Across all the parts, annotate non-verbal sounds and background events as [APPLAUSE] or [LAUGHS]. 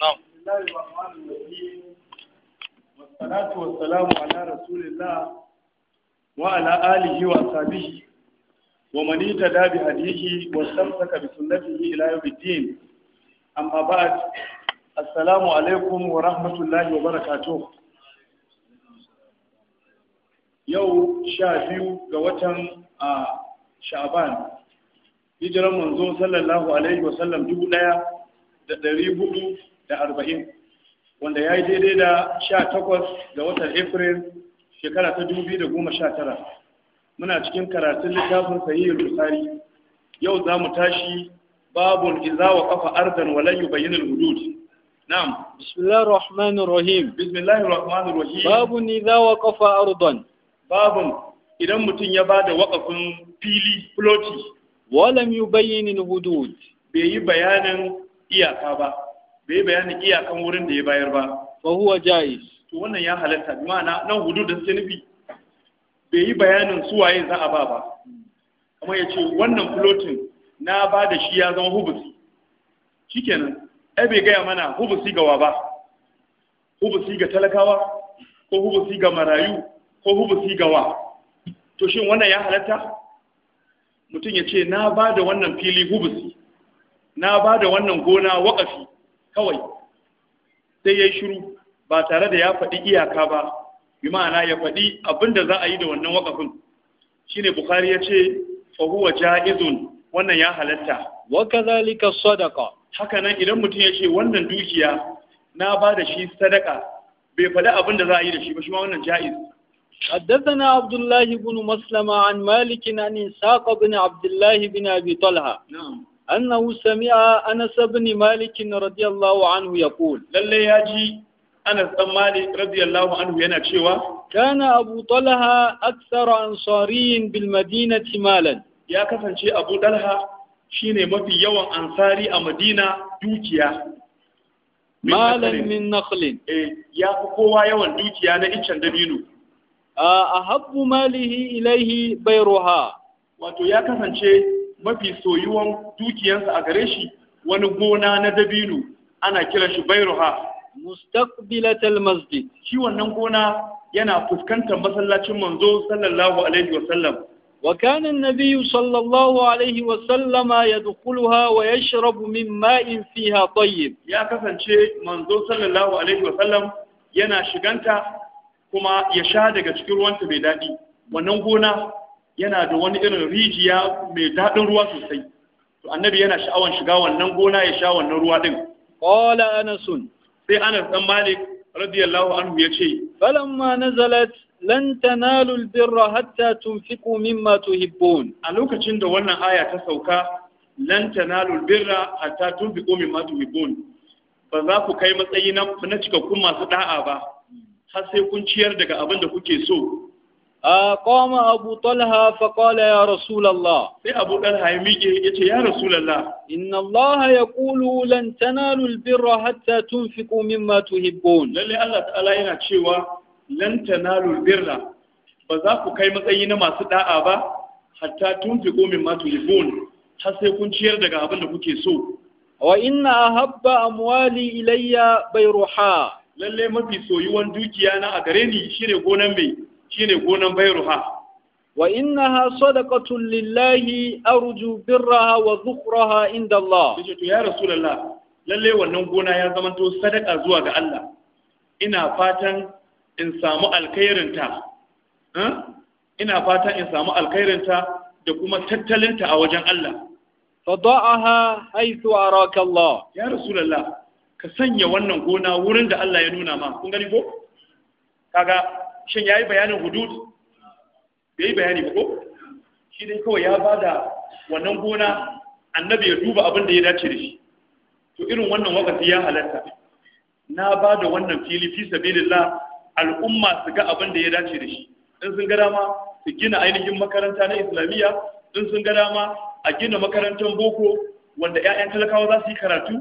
na'am wassalatu wassalamu ala rasulillah wa ala wa sahbihi wa man ittaba bi hadihi wa istamsaka bi sunnatihi ila yawmiddin amma ba'd assalamu alaikum wa rahmatullahi wa barakatuh yau sha biyu ga watan a sha'ban hijiran manzo sallallahu alaihi wasallam dubu ɗaya da ɗari hudu da arba'in wanda ya yi daidai da sha takwas ga watan april shekara ta dubi da goma sha tara muna cikin karatun littafin sahihul bukhari yau za mu tashi babun iza wa kafa ardan walan yubayyin al-hudud na'am bismillahir rahmanir rahim bismillahir rahmanir rahim babun iza wa kafa ardan babun idan mutum ya bada waƙafin fili floti walam yubayyin al-hudud bai yi bayanin iyaka ba bai bayanin iyakan wurin da ya bayar ba fa huwa jaiz to wannan ya halatta ma'ana nan hudud da suke nufi bai yi bayanin waye za a ba ba kamar ya ce wannan floating na ba da shi ya zama hubusi shikenan ai bai gaya mana hubusi ga wa ba hubusi ga talakawa ko hubusi ga marayu ko hubusi ga wa to shin wannan ya halatta mutum ya ce na ba da wannan fili hubusi na ba da wannan gona waƙafi kawai sai ya shiru ba tare da ya faɗi iyaka ba bi ma'ana ya faɗi abin da za a yi da wannan waƙafin shine bukhari ya ce fahuwa huwa ja'izun wannan ya halatta wa kadhalika sadaka haka nan idan mutum ya ce wannan dukiya na ba da shi sadaka bai faɗi abin da za a yi da shi ba shi ma wannan ja'iz حدثنا عبد الله بن مسلم عن مالك عن ساق بن عبد الله بن أبي طلحة نعم annahu sami'a anas ibn malik radiyallahu anhu yaqul lalle yaji anas ibn malik radiyallahu anhu yana cewa kana abu talha akthar ansariin bil madinati ya kasance abu talha shine mafi yawan ansari a madina dukiya malan min ya fi kowa yawan dukiya na icen dabino a habbu malihi ilaihi bayruha wato ya kasance mafi soyuwan dukiyarsa a gare shi wani gona na dabino ana kiran shi bairuha mustaqbilatal masjid shi wannan gona yana fuskantar masallacin manzo sallallahu alaihi wa sallam wa kana an sallallahu alaihi wa sallama yadkhuluha wa yashrabu min ma'in fiha tayyib ya kasance manzo sallallahu alaihi wa sallam yana shiganta kuma ya sha daga cikin ruwanta mai daɗi wannan gona yana da wani irin rijiya mai daɗin ruwa sosai to annabi yana sha'awan shiga wannan gona ya sha wannan ruwa din qala anasun sai anas dan malik radiyallahu anhu yace falamma nazalat lan tanalu albirra hatta tunfiqu mimma tuhibbun a lokacin da wannan aya ta sauka lan tanalu albirra hatta tunfiqu mimma tuhibbun ba za ku kai matsayi na cikakkun masu da'a ba har sai kun ciyar daga abin da kuke so قام أبو طلحة فقال يا رسول الله سي أبو طلحة يميجي يا رسول الله إن الله يقول لن تنالوا البر حتى تنفقوا مما تحبون للي الله تعالى ينا تشيوا لن تنالوا البر بذاكو كاي متسيي na masu ɗa'a ba hatta tunfiqu mimma tuhibbun har sai kun ciyar daga abin da kuke so wa a muwali amwali bai ruha. Lallai mafi soyuwan dukiyana a gare ni shine gonan mai shine gonan bayruha wa innaha sadaqatun lillahi arju birraha wa dhukraha inda Allah yace to ya rasulullah lalle wannan gona ya zamanto sadaka zuwa ga Allah ina fatan in samu alkhairinta eh? ina fatan in samu alkhairinta da kuma tattalinta a wajen Allah fada'aha haythu araka Allah ya rasulullah ka sanya wannan gona wurin da Allah ya nuna ma kun gani ko kaga shin ya yi bayanin hudud ya yi bayani ko shi dai kawai ya ba da wannan gona annabi ya duba abin da ya dace da shi to irin wannan wakati ya halatta na ba da wannan fili fi sabilillah al'umma su ga abin da ya dace da shi in sun ga dama su gina ainihin makaranta na islamiyya in sun ga dama a gina makarantar boko wanda 'ya'yan talakawa za su yi karatu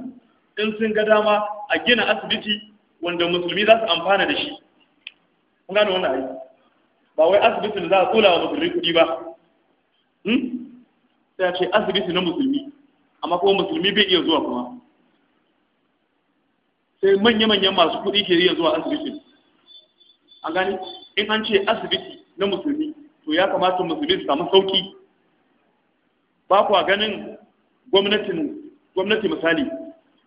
in sun ga dama a gina asibiti wanda musulmi za su amfana da shi kun gane wannan ai ba wai asibitin za a tsola wa musulmi kuɗi ba hmm? sai a ce asibiti na musulmi amma kuma musulmi bai iya zuwa kuma sai manya-manyan masu kuɗi ke iya zuwa asibitin a gani in an ce asibiti na musulmi to ya kamata musulmi su samu sauki ba kwa ganin gwamnatin gwamnati misali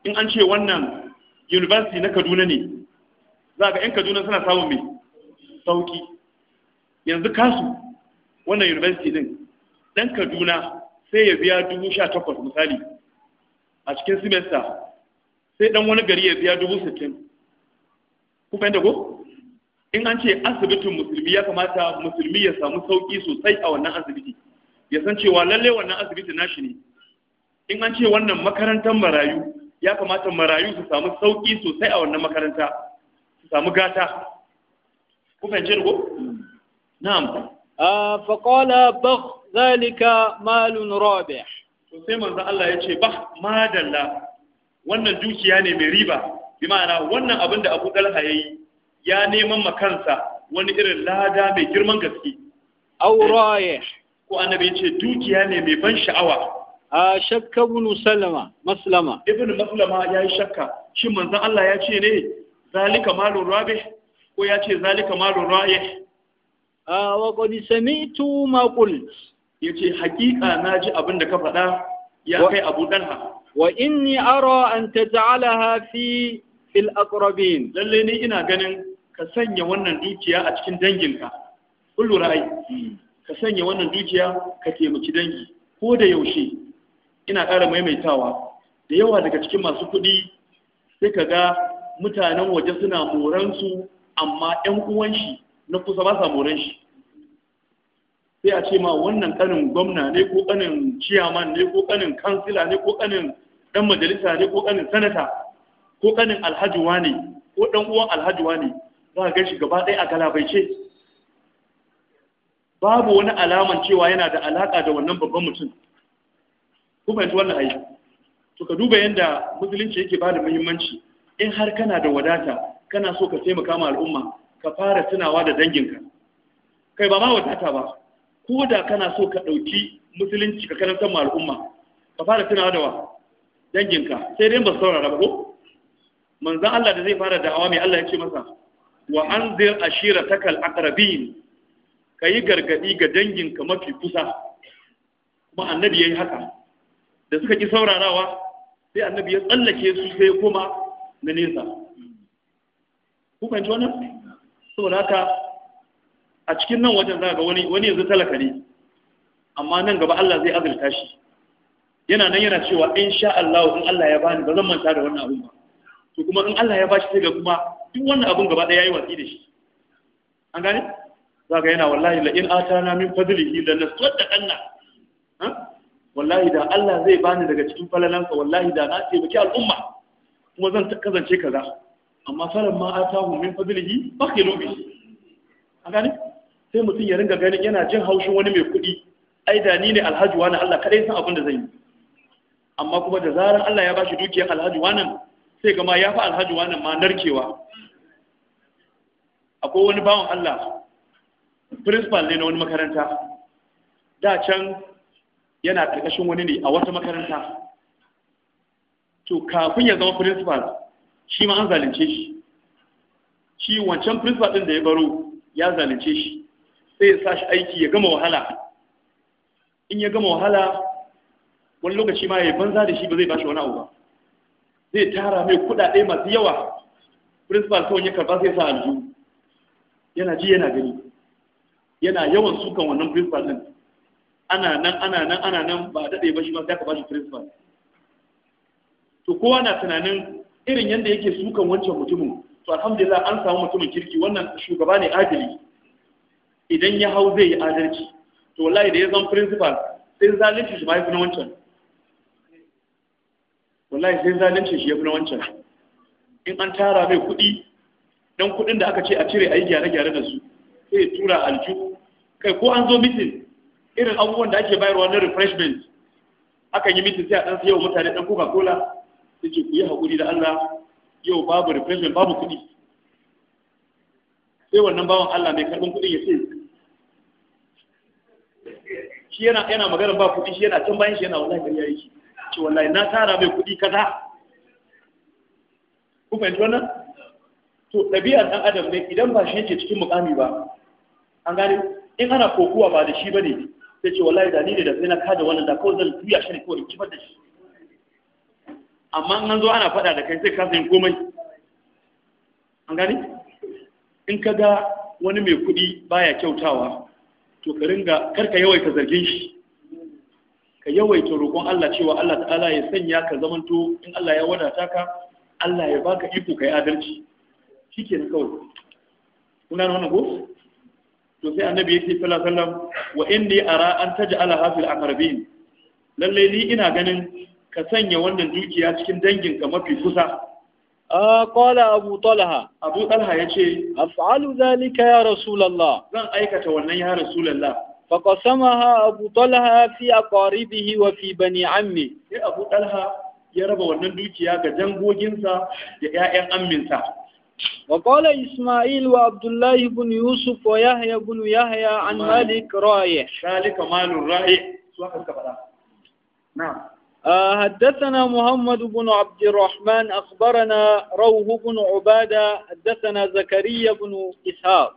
in an ce wannan university na kaduna ne za ga 'yan kaduna suna samun mai sauki yanzu kasu wannan university din dan kaduna sai ya biya dubu sha takwas misali a cikin semester sai dan wani gari ya biya dubu sittin ku fahimta ko in an ce asibitin musulmi ya kamata musulmi ya samu sauki sosai a wannan asibiti ya san cewa lalle wannan asibiti nashi ne in an ce wannan makarantar marayu ya kamata marayu su samu sauki sosai a wannan makaranta su samu gata ku fahimci ko na'am ah, Fakola qala bagh zalika malun rabi to sai manzo Allah ya ce bah madalla wannan dukiya ne mai riba bi ma'ana wannan abin da Abu ya yi, ya neman makansa wani irin lada mai girman gaske aw rayi ko annabi ya ce dukiya ne mai ban sha'awa a ah, shakka ibn salama maslama ibn maslama yi shakka shin manzo Allah ya ce ne zalika malun robe. ko ya ce zalika malun a wa qad sami'tu ma qult yace haƙiƙa naji abin da ka faɗa ya kai Abu Dalha wa inni ara an taj'alaha fi fil aqrabin lalle ni ina ganin ka sanya wannan dukiya a cikin danginka kullu ra'ayi ka sanya wannan dukiya ka taimaki dangi ko da yaushe ina ƙara maimaitawa da yawa daga cikin masu kuɗi sai ka ga mutanen waje suna moransu amma ‘yan uwan shi na kusa ba sa moran shi sai a ce ma wannan kanin gwamna ne ko kanin ciyaman ne ko kanin kansila ne ko kanin ɗan majalisa ne ko kanin sanata ko kanin alhajiwa ne ko ɗan uwan alhajiwa ne za ka gashi gaba ɗaya a galabaice babu wani alaman cewa yana da alaƙa da wannan babban mutum kuma yanzu wannan ayi to ka duba yadda musulunci yake ba da muhimmanci in har kana da wadata kana so ka taimaka ma al'umma ka fara tunawa da danginka kai ba ma wadata ba ko da kana so ka ɗauki musulunci ka karantar ma al'umma ka fara tunawa da wa danginka sai dai ba saurara ba ko manzan Allah da zai fara da'awa mai Allah ya ce masa wa anzir ashirataka al-aqrabin kayi gargadi ga danginka mafi kusa kuma annabi yayi haka da suka ki saurarawa sai annabi ya tsallake su sai kuma na nesa ku fahimci wannan saboda haka a cikin nan wajen za ga wani wani yanzu talaka ne amma nan gaba Allah zai azurta shi yana nan yana cewa in sha Allah in Allah ya bani ba zan manta da wannan abun ba to kuma in Allah ya bashi sai ga kuma duk wannan abun gaba ɗaya yayi watsi da shi an gane za ga yana wallahi la in atana min fadlihi la nasaddaqanna wallahi da Allah zai bani daga cikin falalansa wallahi da na ce baki al'umma kuma zan kasance kaza amma falon ma atahu min fadlihi baki bihi a gani sai mutum ya ringa ganin yana jin haushin wani mai kuɗi ai da ni ne alhaji wani Allah kadai san abin da zan yi amma kuma da zaran Allah ya bashi dukiyar alhaji wannan sai gama ya fi alhaji wannan ma narkewa akwai wani bawan Allah principal ne na wani makaranta da can yana karkashin wani ne a wata makaranta to kafin ya zama principal shi ma an zalunce shi shi wancan principal ɗin da ya baro ya zalunce shi sai ya sa shi aiki ya gama wahala in ya gama wahala wani lokaci ma ya banza da shi ba zai bashi wani abu ba zai tara mai kuɗaɗe masu yawa principal kawai ya karba sai sa aljihu yana ji yana gani yana yawan sukan wannan principal ɗin ana nan ana nan ana nan ba a daɗe ba shi ma sai ka bashi principal to kowa na tunanin irin yadda yake sukan wancan mutumin to alhamdulillah an samu mutumin kirki wannan shugaba ne adali idan ya hau zai yi adalci to wallahi da ya zan principal sai zalunci shi ma ya fi na wancan wallahi sai zalunci shi ya fi na wancan in an tara mai kuɗi don kuɗin da aka ce a cire a yi gyare-gyare da su sai ya tura alju kai ko an zo mitin irin abubuwan da ake bayarwa na refreshment akan yi mitin sai a ɗan wa mutane ɗan coca cola sai ce ku yi haƙuri da Allah yau babu refreshment babu kuɗi sai wannan bawan Allah mai karɓin kuɗin ya ce shi yana yana magana ba kuɗi shi yana can bayan shi yana wallahi gari yayi shi ce wallahi na tara mai kuɗi kaza ku fahimci wannan to ɗabi'ar ɗan adam ne idan ba shi yake cikin mukami ba an gane in ana kokuwa ba da shi bane sai ce wallahi da ni ne da sai na kada wannan da kawai zan tuya shi ne kawai in kifar da shi amma an zo ana faɗa da kai sai ka sayin komai an gani in ka ga wani mai kuɗi baya kyautawa to ka ringa karka yawaita zargin shi ka yawaita roƙon Allah cewa Allah ta'ala ya sanya ka zamanto in Allah ya wadata ka Allah ya baka iko kai adalci shikenan kawai kuna wannan gofu to sai annabi yake sallallahu alaihi wasallam wa inni ara an taj'ala hafil aqrabin lalle ni ina ganin ka sanya wannan dukiya cikin danginka mafi kusa qala abu talha abu talha yace af'alu zalika ya rasulullah zan aikata wannan ya rasulullah fa qasamaha abu talha fi aqaribihi wa fi bani ammi sai abu talha ya raba wannan dukiya ga dangoginsa da ƴaƴan وقال إسماعيل وعبد الله بن يوسف ويحيى بن يحيى عن مالك رايح ذلك مال رايح نعم حدثنا محمد بن عبد الرحمن أخبرنا روه بن عبادة حدثنا زكريا بن إسحاق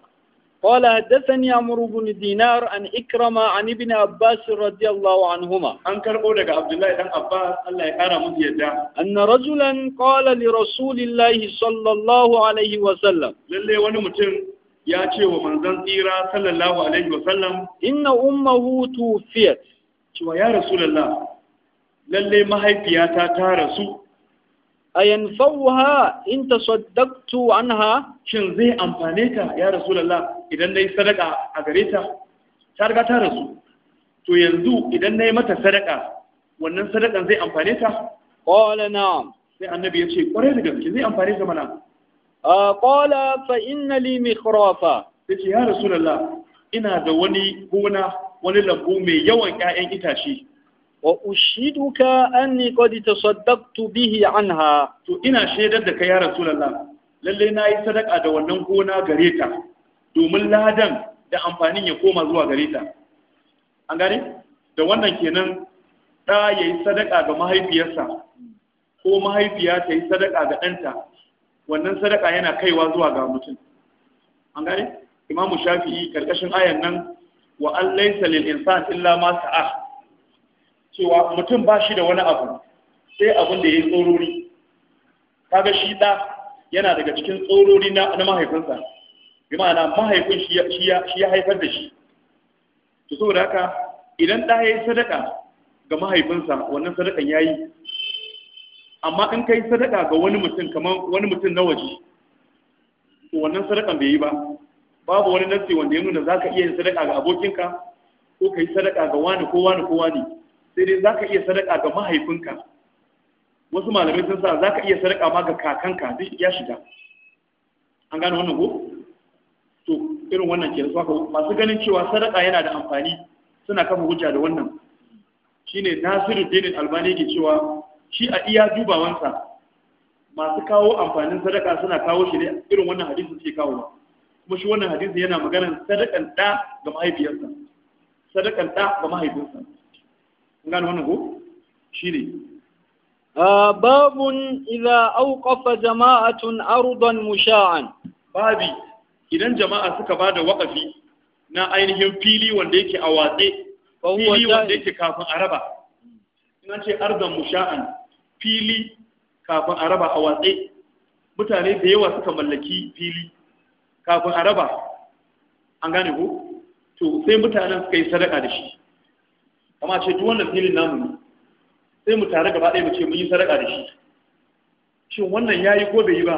قال حدثني عمرو بن دينار عن إكرمة عن ابن عباس رضي الله عنهما عن كربولك عبد الله بن عباس الله يقرأ مديدا أن رجلا قال لرسول الله صلى الله عليه وسلم للي ونمتن ya ce wa manzan tsira sallallahu alaihi wasallam inna ummahu tufiyat cewa ya rasulullah lallai mahaifiyata ta rasu a yanfa'uha in an ha? shin zai amfane ta ya rasu lalla idan na yi sadaka a gare ta ta riga ta rasu to yanzu idan na yi mata sadaka wannan sadakan zai amfane ta qala na. sai annabi ya ce kwarai da gaske zai amfane ta mana A qala fa inna li mikhrafa yace ya lalla. ina da wani gona wani lambu mai yawan ƴaƴan itace Wa ushiduka anni qad tasaddaqtu bihi anha. to ina shaidar da kai ya rasulullah lalle na yi sadaka da wannan gona gare ta domin ladan da amfanin ya koma zuwa gare ta an gane da wannan kenan ɗa ya sadaka ga mahaifiyarsa ko mahaifiya ta yi sadaka ga ɗanta wannan sadaka yana kaiwa zuwa ga mutum an gane imamu shafi'i karkashin ayan nan wa an laysa lil insan illa ma sa'a cewa mutum ba shi da wani abu sai abin da ya yi tsorori kaga shi ɗa yana daga cikin tsorori na mahaifinsa bi ma'ana mahaifin shi ya haifar da shi to da haka idan ɗa ya yi sadaka ga mahaifinsa wannan sadakan ya yi amma in ka yi sadaka ga wani mutum kamar wani mutum na waje wannan sadakan bai yi ba babu wani nasi wanda ya nuna za ka iya yin sadaka ga abokinka ko ka yi sadaka ga wani ko wani ko wani sai dai za ka iya sadaka ga mahaifinka wasu malamai sun sa za ka iya sadaka ma ga kakanka duk ya shiga an gane wannan ko to irin wannan ke da masu ganin cewa sadaka yana da amfani suna kafa hujja da wannan shine nasiru dinin albani ke cewa shi a iya dubawansa masu kawo amfanin sadaka suna kawo shi ne irin wannan hadisi suke kawo ba. kuma shi wannan hadisi yana maganar sadakan da ga mahaifiyarsa sadakan da ga mahaifinsa gane wannan ko shi shine ah, babun idza awqafa jama'atun ardan musha'an babi idan jama'a suka ba da waƙafi na ainihin fili wanda yake a watse fili wanda yake kafin araba ina ce ardan musha'an fili kafin araba a watse mutane da yawa suka mallaki fili kafin araba an gane ko to sai mutanen suka yi sadaka da shi kama ce duk wannan filin namu ne sai mu tare gaba ɗaya mu ce mun yi sadaka da shi shin wannan ya yi ko bai yi ba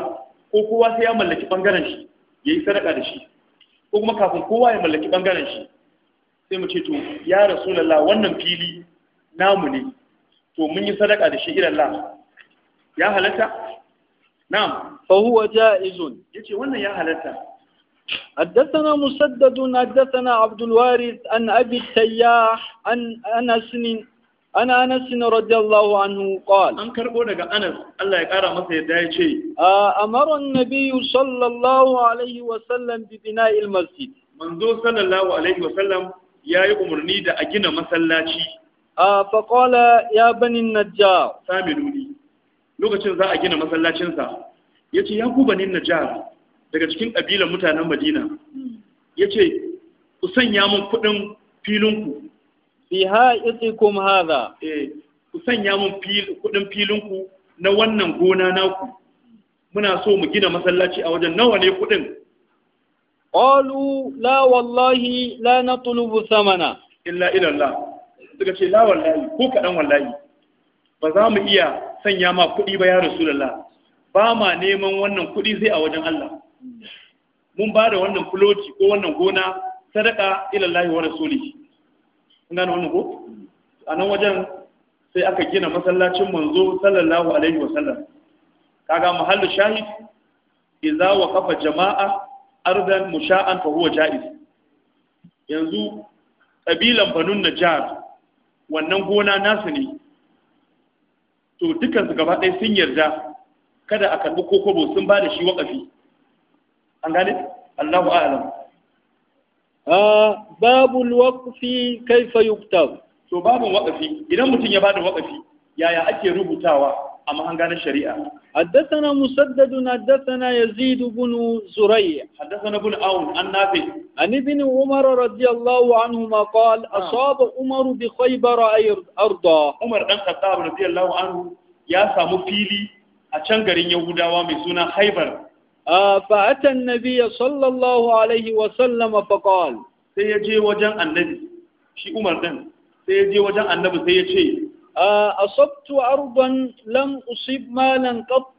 ko kowa sai ya mallaki ɓangaren shi ya yi sadaka da shi ko kuma kafin kowa ya mallaki ɓangaren shi sai mu ce to ya rasu lalla wannan fili namu ne to mun yi sadaka da shi irin la. ya halatta na'am fa huwa ja'izun yace wannan ya halatta حدثنا مسدد حدثنا عبد الوارث عن أبي التياح عن أنس عن أنس رضي الله عنه قال أن كربو دغا أنس الله يقرا مسا يدا يشي أمر النبي صلى الله عليه وسلم ببناء المسجد منذ صلى الله عليه وسلم يا أمرني دا أجنا مسلاتي فقال يا بني النجار سامدوني لوكacin za a gina masallacinsa ya ce ya ku bani najjar daga cikin ƙabilan mutanen madina ya ce ku sanya mun kuɗin filinku fi ha'itsikum hadha eh ku sanya mun kuɗin filinku na wannan gona naku muna so mu gina masallaci a wajen nawa ne kuɗin qalu la wallahi la natlubu thamana illa ila Allah Daga ce la wallahi ko kaɗan wallahi ba za mu iya sanya ma kuɗi ba ya rasulullah ba ma neman wannan kuɗi sai a wajen Allah mun ba da wannan kuloti ko wannan gona sadaka ilallahi wa rasuli kun gane wannan ko a nan wajen sai aka gina masallacin manzo sallallahu alaihi wa sallam kaga mahallu shahid idza waqafa jama'a ardan musha'an fa huwa jaiz yanzu kabilan banun najjar wannan gona nasu ne to dukansu gaba ɗaya sun yarda kada a karɓi kokobo sun ba da shi waƙafi الله اعلم Allahu a'lam babul waqfi kaifa yuktab to babun waqfi idan mutum ya bada waqfi yaya ake rubutawa a mahangana shari'a حدثنا مسدد حدثنا يزيد بن زريع حدثنا بن عون عن نافع عن ابن عمر رضي الله عنهما قال نعم. أصاب عمر بخيبر أرضا عمر بن الخطاب رضي الله عنه يا سامو فيلي أشان غارين يهوداوا من خيبر فأتى النبي صلى الله عليه وسلم فقال سيجي وجن النبي شي عمر دن سيجي وجن النبي سيجي أصبت أرضا لم أصيب مالا قط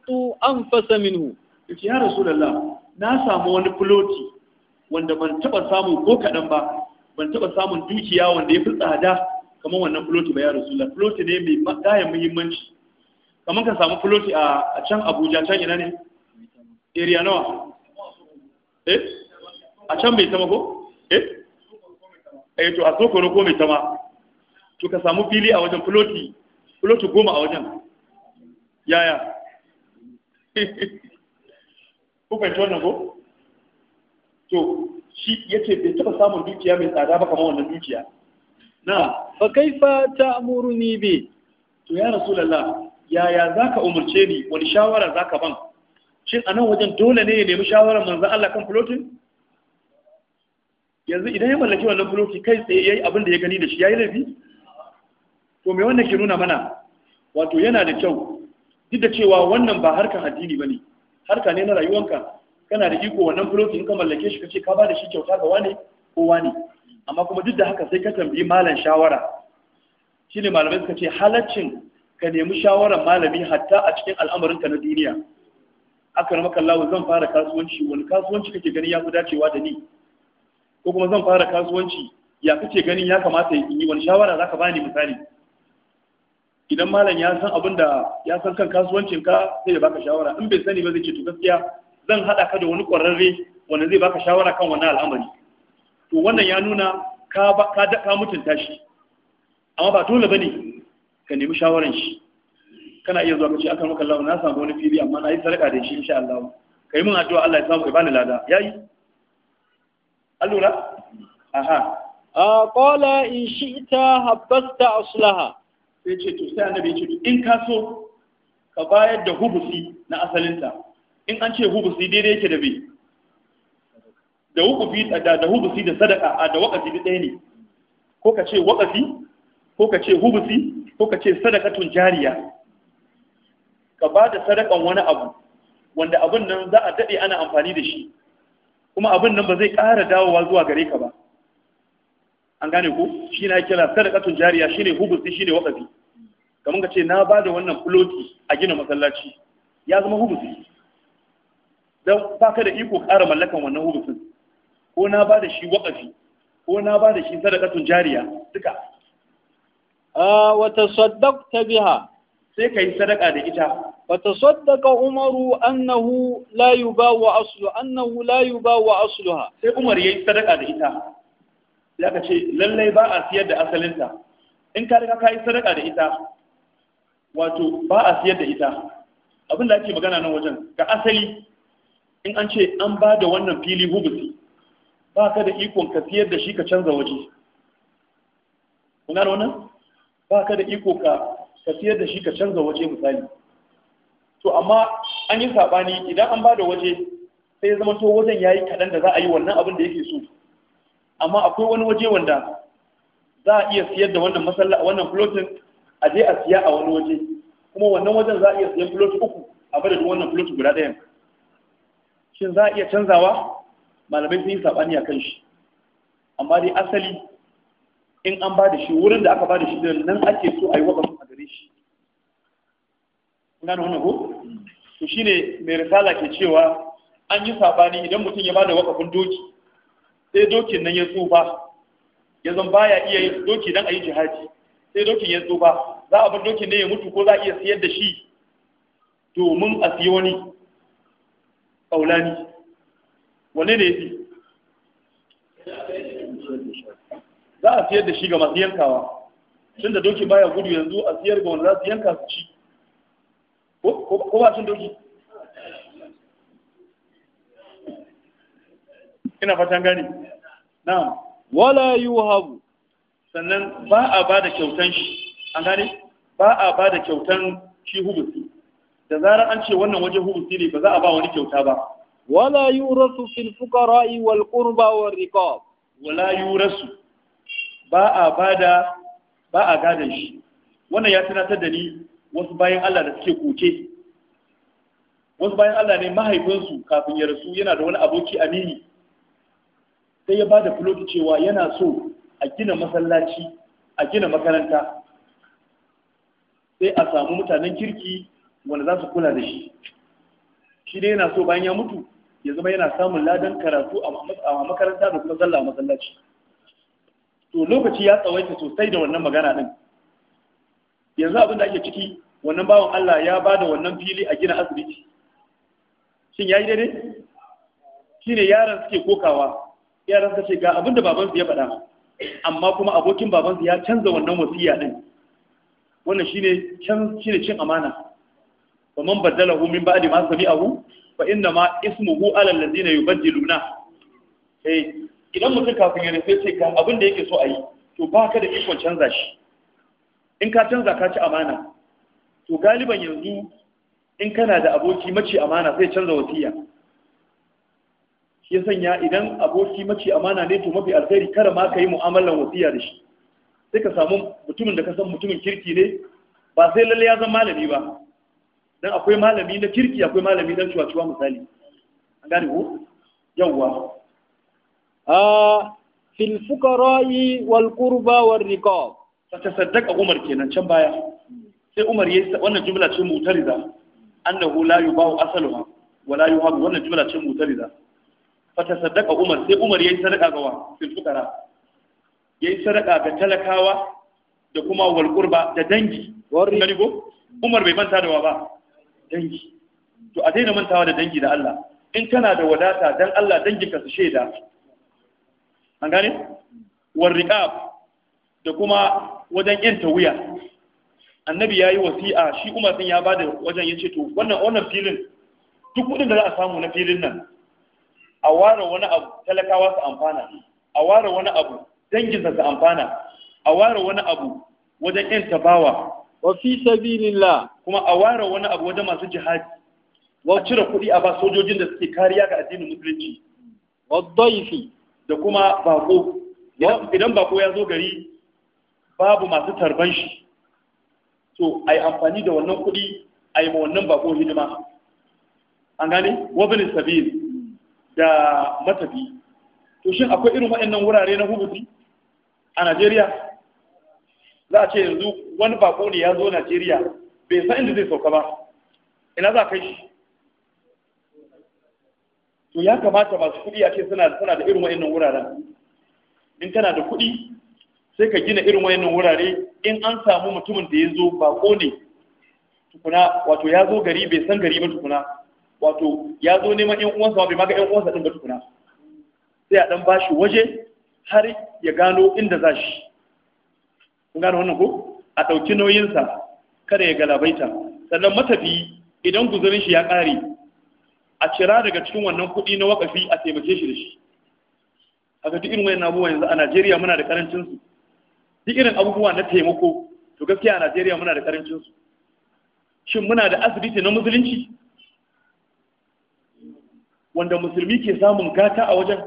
أنفس منه يا رسول الله ناسا مون بلوتي wanda ban taba samu ko kaɗan ba ban taba samun dukiya wanda ya fi tsada kamar wannan fuloti ba ya rasulullah fuloti ne mai gayan muhimmanci kamar ka samu fuloti a can abuja can ina ne eriya nawa eh a can mai sama ko eh, eh to a sokoro ko mai sama? to ka samu fili a wajen filoti filoti goma a wajen yaya [LAUGHS] ku fahimci wannan ko to shi yake bai taba samun dukiya mai tsada ba kamar wannan dukiya na fa amuru ni bi to ya rasulullah yaya zaka umurce ni wani shawara zaka ban shin a nan wajen dole ne ya nemi shawarar manzan Allah kan fulotin yanzu idan ya mallaki wannan fuloti kai tsaye ya yi abin da ya gani da shi ya yi laifi to me wannan ke nuna mana wato yana da kyau duk da cewa wannan ba harkar addini ba ne harka ne na rayuwanka kana da iko wannan fuloti in ka mallake shi kace ka ba da shi kyauta ga wane ko wane amma kuma duk da haka sai ka tambayi malam shawara shine malamai suka ce halaccin ka nemi shawarar malami hatta a cikin al'amarinka na duniya aka maka lawo zan fara kasuwanci wani kasuwanci kake ganin ya fi dacewa da ni ko kuma zan fara kasuwanci ya kake ganin ya kamata in yi wani shawara zaka bani misali idan malam ya san abin da ya san kan kasuwancin ka zai baka shawara in bai sani ba zai ce to gaskiya zan hada ka da wani kwararre wanda zai baka shawara kan wannan al'amari to wannan ya nuna ka ka mutunta shi amma ba dole bane ka nemi shawaran shi kana iya zuwa kace aka maka Allah na samu wani fili amma na yi sadaka da shi insha Allah kai mun addu'a Allah ya samu ibani lada yayi allura aha a qala in shi'ta habbasta aslaha sai ce to sai annabi ce in ka so ka bayar da hubusi na asalinta in an ce hubusi daidai yake da bai da hukufi da da hubusi da sadaka a da wakati bi ɗaya ne ko ka ce wakati ko ka ce hubusi ko ka ce sadakatun jariya ka ba da sadakan wani abu wanda abin nan za a daɗe ana amfani da shi kuma abin nan ba zai ƙara dawowa zuwa gare ka ba an gane ku shi na kira sadakatun jariya shi shine hubusi ne wakafi kamar ka ce na ba da wannan fuloti a gina masallaci ya zama hubusi don ba ka da iko ƙara mallakan wannan hubusin ko na ba da shi wakafi ko na ba da shi sadakatun jariya duka ah, wa ta biha sai ka yi sadaka da ita fatasaddaqa umaru annahu la wa aslu annahu la yubawa asluha sai umar yayi sadaka da ita sai ka ce lallai ba a siyar da asalinta in ka riga ka yi sadaka da ita wato ba a siyar da ita abin da ake magana nan wajen ga asali in an ce an ba da wannan fili hubusi ba ka da ikon ka siyar da shi ka canza waje kuna da wannan ba ka da iko ka ka siyar da shi ka canza waje misali to amma an yi saɓani idan an ba da waje sai ya zama to wajen ya yi kaɗan da za a yi wannan abin da yake so amma akwai wani waje wanda za a iya siyar da wannan masalla wannan flotin a je a siya a wani waje kuma wannan wajen za a iya siyan flot uku a bada duk wannan flot guda ɗayan shin za a iya canzawa malamai sun yi saɓani a kan shi amma dai asali in an ba da shi wurin da aka ba da shi nan ake so a yi waƙa na wannan ko to shine mai risala ke cewa an yi sabani idan mutum ya bada wakafin doki sai dokin nan ya tsufa ya zan baya iya yin doki dan ayi jihadi sai dokin ya tsufa za a bar dokin ne ya mutu ko za a iya siyar da shi domin a siya wani kaulani Wani ne yafi za a siyar da shi ga masu yankawa tun da doki baya gudu yanzu a siyar ga wanda za su yanka su ci ko ba cin doki ina fatan gani na wala Habu. sannan ba a ba da kyautan shi an gane ba a ba da kyautan shi hubusi da zarar an ce wannan waje hubusi ne ba za a ba wani kyauta ba wala Rasu fil fuqara'i wal qurba war riqab wala yurasu ba a bada ba a gadan shi wannan ya tunatar da ni wasu bayan Allah da suke koke wasu bayan Allah ne mahaifinsu kafin ya rasu yana da wani aboki amini sai ya ba da filoti cewa yana so a gina masallaci a gina makaranta sai a samu mutanen kirki wanda za su kula da shi shi dai yana so bayan ya mutu ya zama yana samun ladan karatu a makaranta da kuma zalla a masallaci to lokaci ya tsawaita sosai da wannan magana din yanzu abin da ake ciki wannan bawan Allah ya ba da wannan fili a gina asibiti shin ya yi daidai ne yaran suke kokawa yaran suka ce ga abin da babansu ya faɗa amma kuma abokin babansu ya canza wannan wasiya ɗin wannan shi ne cin amana ba man baddalahu min ba'di ma abu? Ba inda ma ismu hu, ismuhu 'ala allazina na eh idan mutum kafin ya rufe ce kan abin da yake so a yi to baka da ikon canza shi in ka canza ka ci amana to galiban yanzu in kana da aboki mace amana sai canza wasiya shi ya sanya idan aboki mace amana ne to mafi alkhairi kada ma ka yi mu'amalan wasiya da shi sai ka samu mutumin da ka san mutumin kirki ne ba sai lalle ya zan malami ba dan akwai malami na kirki akwai malami dan cuwa-cuwa misali an gane ko yawwa a ah, fil fuqara'i wal qurba war riqab ta saddaka umar kenan can baya sai umar yayi wannan jumla ce mutarida annahu la yubahu asaluha wa la yuhabu wannan jumla ce Fa ta saddaka umar sai umar yayi sadaka ga wa fil fuqara yayi sadaka ga talakawa da kuma wal qurba da dangi gani ko umar bai manta da wa ba dangi to a daina mantawa da dangi da Allah in kana da wadata dan Allah danginka su shaida an gane war riqab da kuma wajen ta wuya annabi ya yi wasi'a shi kuma sun ya bada wajen ya ce to wannan wannan filin duk kudin da za a samu na filin nan a ware wani abu talakawa su amfana a ware wani abu danginsa su amfana a ware wani abu wajen yin tabawa wa fi sabilillah kuma a ware wani abu wajen masu jihadi wa cire kuɗi a ba sojojin da suke kariya ga addinin musulunci wa da kuma bako idan bako ya zo gari babu masu tarban shi to ai amfani da wannan kuɗi ai ma wannan bako hidima an gane wabin sabil da matafi to shin akwai irin waɗannan wurare na hubuti a Najeriya za a ce yanzu wani bako ne ya zo Najeriya bai san inda zai sauka ba ina za kai shi to ya kamata masu kuɗi a ce suna da irin waɗannan wuraren in kana da kuɗi sai ka gina irin wayannan wurare in an samu mutumin da ya zo bako ne tukuna wato ya zo gari bai san gari ba tukuna wato ya zo neman yan uwansa ba, bai maga yan uwansa din ba tukuna sai a dan bashi waje har ya gano inda za shi kun gano wannan ko a ɗauki nauyinsa kada ya galabaita sannan matafi idan guzurin shi ya ƙare a cira daga cikin wannan kuɗi na wakafi a taimake shi da shi a ga duk irin wayannan abubuwa yanzu a Najeriya muna da karancin su duk irin abubuwa na taimako to gaskiya a Najeriya muna da karancin su shin muna da asibiti na musulunci wanda musulmi ke samun gata a wajen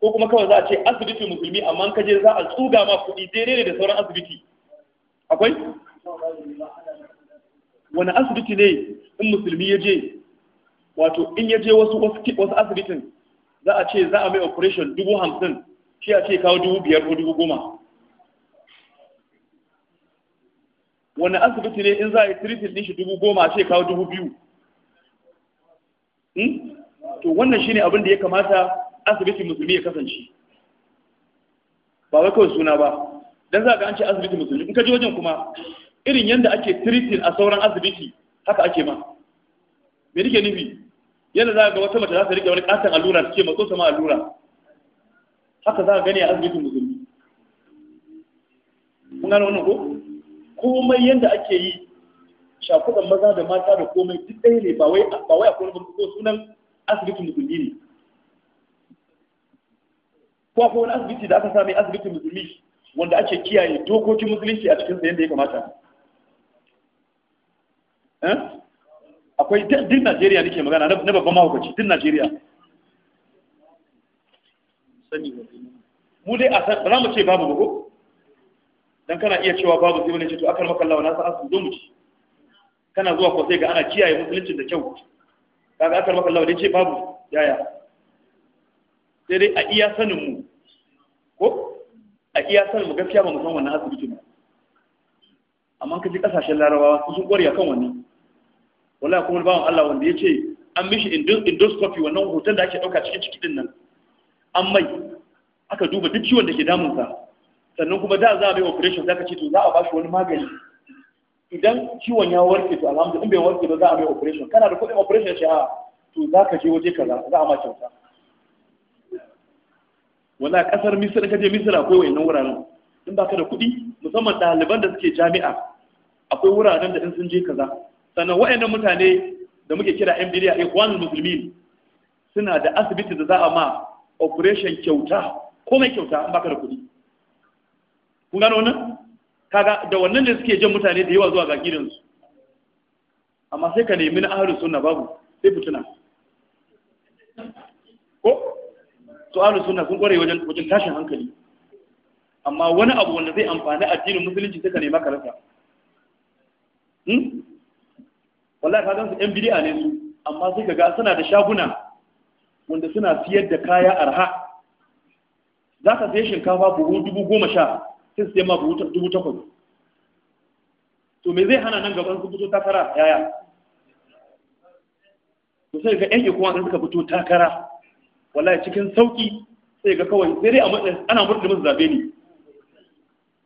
ko kuma kawai za a ce asibiti musulmi amma ka je za a tsuga ma kuɗi daidai da sauran asibiti akwai wani asibiti ne in musulmi ya je wato in ya je wasu asibitin za a ce za a mai operation dubu hamsin shi a ce kawo dubu biyar ko dubu goma wani asibiti ne in za a yi tiritin ɗin shi dubu goma a ce kawo dubu biyu hmm? to wannan shine abin da ya kamata asibitin musulmi ya kasance ba wai kawai suna ba don za ka an ce asibitin musulmi in ka ji wajen kuma irin yadda ake tiritin a sauran asibiti haka ake ma me nike nufi yadda za ga wata mace za ta rike wani katon allura ta ce matsosa ma allura haka za a gani a asibitin musulmi kun gano wani ko komai yadda ake yi shafukan maza da mata da komai duk ɗaya ne ba wai a wai ba ko sunan asibitin musulmi ne ko akwai wani asibiti da aka sami asibitin musulmi wanda ake kiyaye dokokin musulunci a cikin sayen yadda ya kamata eh? akwai duk Najeriya nake magana na babban mahaukaci duk Najeriya sani ba mu dai a san ba za mu ce babu ko dan kana iya cewa babu sai wani ce to akal makallawa na san asu zo mu ci kana zuwa ko sai ga ana kiyaye musulunci da kyau kaga akal makallawa dai ce babu yaya sai dai a iya sanin mu ko a iya sanin mu gaskiya ba mu san wannan asibiti ba amma ka ji kasashen larabawa su sun kware kan wannan wallahi kuma bawan Allah wanda ya ce an mishi endoscopy wannan hoton da ake dauka cikin ciki din nan an mai aka duba duk ciwon da ke damunsa sannan kuma da za a bai operation za ka ce to za a bashi wani magani idan ciwon ya warke to alhamdu in bai warke ba za a bai operation kana da kuɗin operation ce a to za ka je waje kaza za a ma kyauta wala kasar misira ka je misir akwai wayannan wuraren in ba ka da kuɗi musamman ɗaliban da suke jami'a akwai wuraren da in sun je kaza sannan wayannan mutane da muke kira yan a ikhwanul muslimin suna da asibiti da za a ma operation kyauta komai kyauta an baka da kuɗi kun gano wannan kaga da wannan da suke jan mutane da yawa zuwa ga gidansu amma sai ka nemi na ahlus sunna babu sai fituna ko to ahlus sunna sun kware wajen wajen tashin hankali amma wani abu wanda zai amfani addinin musulunci sai ka nema ka rasa hmm wallahi ka gansu yan bid'a ne su amma sai ka ga suna da shaguna wanda suna siyar da kaya arha za ka sai shinkafa buhu dubu goma sha sai su yamma buhu dubu takwas to me zai hana nan gaban su fito takara yaya to sai ga yan kuma suka fito takara wallahi cikin sauki sai ga kawai sai dai ana murda musu zabe ne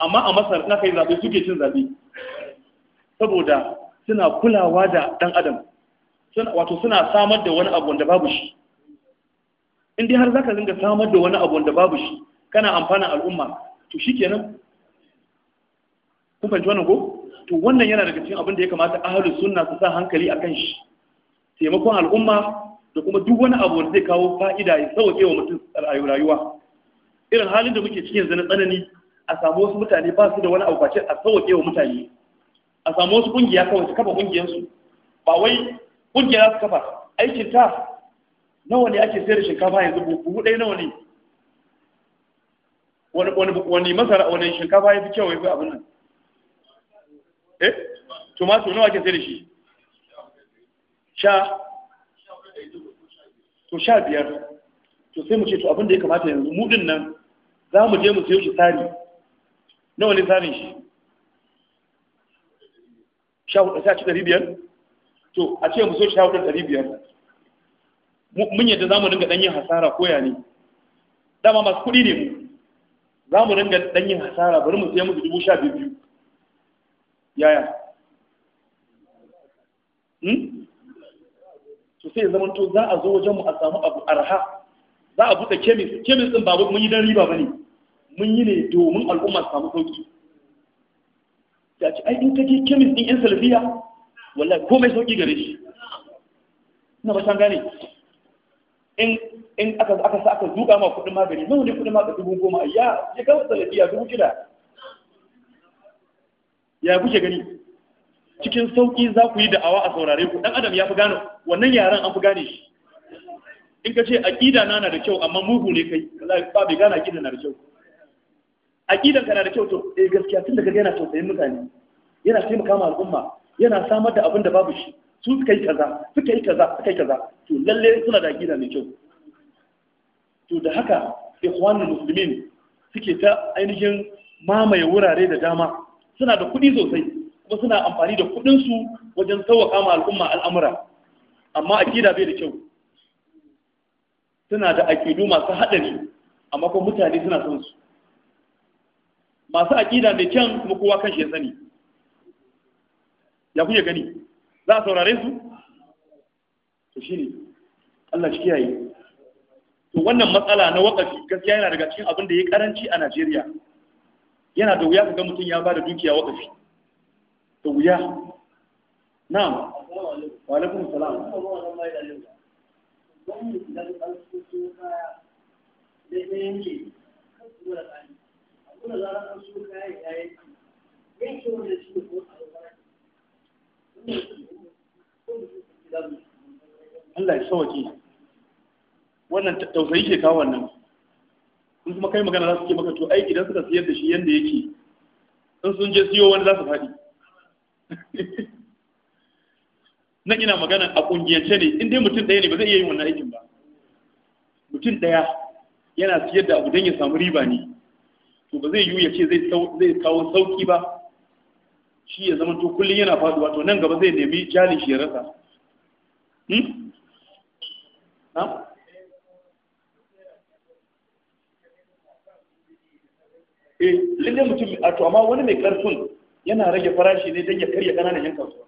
amma a masar na kai zabe suke cin zabe saboda suna kulawa da ɗan adam wato suna samar da wani abu wanda babu shi in dai har zaka dinga samar da wani abu wanda babu shi kana amfanin al'umma to shikenan kun fahimci wannan ko to wannan yana daga cikin abin da ya kamata ahlu sunna su sa hankali akan shi taimakon al'umma da kuma duk wani abu wanda zai kawo fa'ida ya sauke wa mutum rayuwa irin halin da muke cikin yanzu na tsanani a samu wasu mutane ba su da wani abu face a sauke wa mutane a samu wasu kungiya kawai su kafa kungiyarsu ba wai kungiya su kafa aikin ta nawa ne ake sayar da shinkafa yanzu buhu ɗaya nawa ne wani masara wani shinkafa ya fi kyau ya fi abin nan eh tomato nawa ake sayar da shi sha to sha biyar to sai mu ce to abin da ya kamata yanzu mu din nan za mu je mu sayo shi tsari nawa ne tsarin shi sha hudu sai a ci ɗari biyar to a ce mu so sha hudu ɗari biyar mun yadda za mu dinga ɗanyin hasara koya ne dama masu kuɗi ne mu za mu dinga ɗanyin hasara bari mu siya musu dubu sha biyu yaya hmm? to sai zama to za a zo wajen mu a samu abu arha za a buɗe kemis kemis ɗin ba mun yi don riba ba ne mun yi ne domin al'umma su samu sauƙi da ci ai in ka je kemis ɗin yan salafiya wallahi komai sauƙi gare shi ina ba san gane in aka aka sa aka duka ma kudin magani nawa ne kudin magani dubu goma ya ya kawo salafiya dubu shida ya kuke gani cikin sauki za ku yi da'awa a saurare ku dan adam ya fi gano wannan yaran an fi gane shi in ka ce aqida na na da kyau amma mugu ne kai wallahi ba bai gane aqida na da kyau aqidan ka na da kyau to eh gaskiya tun da kaga yana tausayin mutane yana taimaka ma al'umma yana samar da abin da babu shi su suka yi kaza suka yi kaza suka yi kaza to lalle suna da aqida mai kyau to da haka ikhwanul muslimin suke ta ainihin mamaye wurare da dama suna da kuɗi sosai kuma suna amfani da kuɗin wajen tsawon ma al'umma al'amura amma aqida bai da kyau suna da akidu masu haɗari amma kuma mutane suna son su masu aƙida mai kyan kuma kowa kan shi ya sani ya kuke gani za a saurare su to ne, Allah shi kiyaye to wannan matsala na wakafi gaskiya yana daga cikin abin da ya karanci a Najeriya yana da wuya ga mutum ya ba da dukiya wakafi da wuya na'am walakun salam Thank you. Allah ya sauke wannan tausayi ke kawo wannan in kuma kai magana za su ke maka to ai idan suka siyar da shi yadda yake in sun je siyo wani za su faɗi [LAUGHS] nan ina magana a ƙungiyance ne in dai mutum ɗaya ne ba zai iya yin wannan aikin ba mutum ɗaya yana siyar da abu don ya samu riba ne to ba zai yiwu ya ce zai kawo sauƙi ba shi ya zama to kullum yana faduwa to nan gaba zai nemi jalin shi ya rasa hmm? eh lalle mutum a to amma wani mai karfin yana rage farashi ne don ya karya ƙananan yan kasuwa